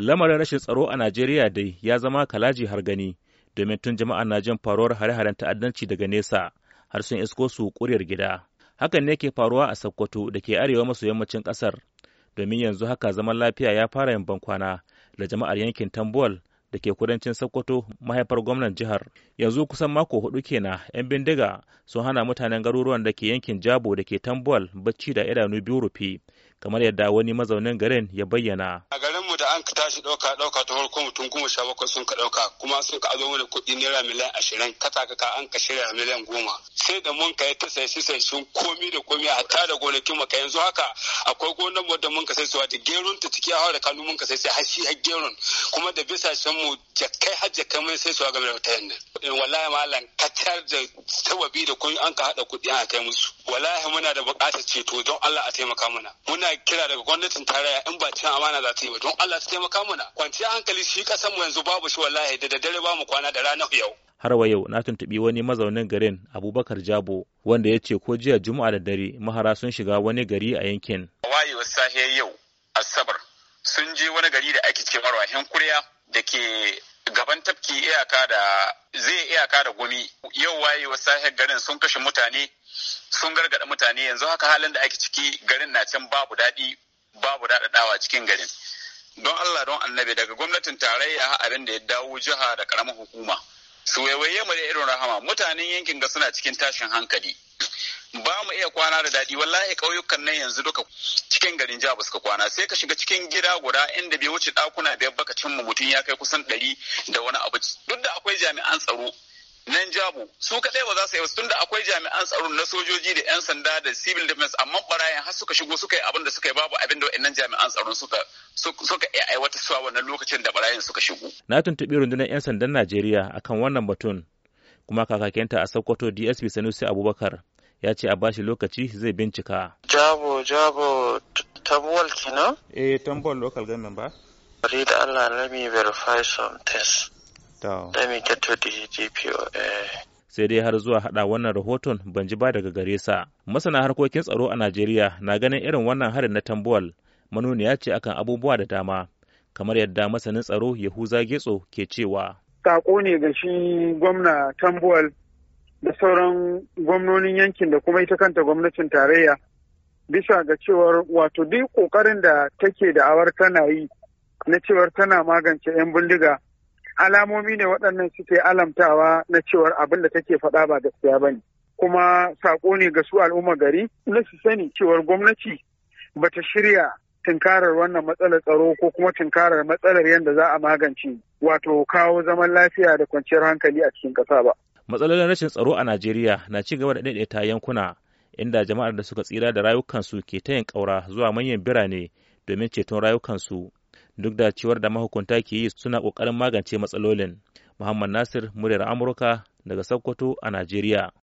lamarin rashin tsaro a najeriya dai ya zama kalaji har gani domin tun jama'ar na jin faruwar hare-haren ta'addanci daga nesa har sun isko su kuryar gida hakan ne ke faruwa a sokoto da ke arewa maso yammacin kasar domin yanzu haka zaman lafiya ya fara yin bankwana da jama'ar yankin tambuwal da ke kudancin sokoto mahaifar gwamnan jihar yanzu kusan mako hudu kenan yan bindiga sun hana mutanen garuruwan da ke yankin jabo da ke tambuwal bacci da idanu biyu rufe kamar yadda wani mazaunin garin ya bayyana. A garin mu da an ka tashi ɗauka ɗauka ta farko mutum goma sha bakwai sun ka ɗauka kuma sun ka azo mana kuɗi naira miliyan ashirin kata ka an ka shirya miliyan goma sai da mun ka yi ta sai sai sun komi da komi ta da gonakin mu ka yanzu haka akwai gonan mu da mun ka sai su da gerun ta ciki hawa da kanu mun ka sai sai hashi har gerun kuma da bisa shan mu jakai har jakai mun sai su game da wata yanda. Eh, wallahi malam kacar da sababi da kun an ka haɗa kuɗi an kai musu. Wallahi muna da buƙatar ceto don Allah a taimaka mana. Muna Ina kira daga gwamnatin tarayya in ba cin amana za ta yi ba don Allah su taimaka mana kwanciyar hankali shi kasan mu yanzu babu shi wallahi da daddare ba mu kwana da ranar yau har wa yau na tuntubi wani mazaunin garin Abubakar Jabo wanda ya ce ko jiya Juma'a da dare mahara sun shiga wani gari a yankin wayewar safe yau Asabar sun je wani gari da ake ce marwahin kuriya da ke gaban tafki iyaka da zai iyaka da gumi yau waye wasu garin sun kashe mutane sun gargada mutane yanzu haka halin da ake ciki garin na can babu daɗi babu daɗaɗawa cikin garin don Allah don annabi daga gwamnatin tarayya abin da ya dawo jiha da karamar hukuma su waiwaye mu da irin rahama mutanen yankin ga suna cikin tashin hankali ba mu iya kwana da daɗi wallahi ƙauyukan nan yanzu duka cikin garin jaba suka kwana sai ka shiga cikin gida guda inda bai wuce ɗakuna biyar baka cin mu mutum ya kai kusan ɗari da wani abu duk da akwai jami'an tsaro nan jabu su kadai ba za su yi wasu tunda akwai jami'an tsaro na sojoji da 'yan sanda da civil defense amma barayin har suka shigo suka yi abin da suka yi babu abin da wa'annan jami'an tsaron suka suka iya aiwata suwa wannan lokacin da barayin suka shigo. Na tuntuɓi rundunar 'yan sandan Najeriya akan wannan batun kuma kakakinta a Sokoto DSP Sanusi Abubakar ya ce a bashi lokaci zai bincika. Jabo Jabo Tambuwal kenan? Eh Tambuwal local government ba. Bari da Allah let me verify some test. Let me get to the GPO. Eh. sai dai har zuwa hada wannan rahoton ban ji ba daga gare sa. Masana harkokin tsaro a Najeriya na ganin irin wannan harin na tambuwal manuniya ce akan abubuwa da dama kamar yadda masanin tsaro Yahuza Getso ke cewa. Kako ne ga shi gwamna tambuwal da sauran gwamnonin yankin da kuma ita kanta gwamnatin tarayya bisa ga cewar wato duk kokarin da take da awar tana yi na cewar tana magance 'yan bindiga alamomi ne waɗannan suke alamtawa na cewar abin da take faɗa ba gaskiya ba ne kuma saƙo ne ga su al'umma gari na su sani cewar gwamnati ba ta shirya tunkarar wannan matsalar tsaro ko kuma tunkarar matsalar yadda za a magance wato kawo zaman lafiya da kwanciyar hankali a cikin ƙasa ba. matsalolin rashin tsaro a najeriya na ci gaba da daidaita yankuna inda jama'ar da suka tsira da rayukansu ke ta yin ƙaura zuwa manyan birane domin ceton rayukansu duk da cewar da mahukunta ke yi suna ƙoƙarin magance matsalolin muhammad nasir muryar amurka daga sokoto a najeriya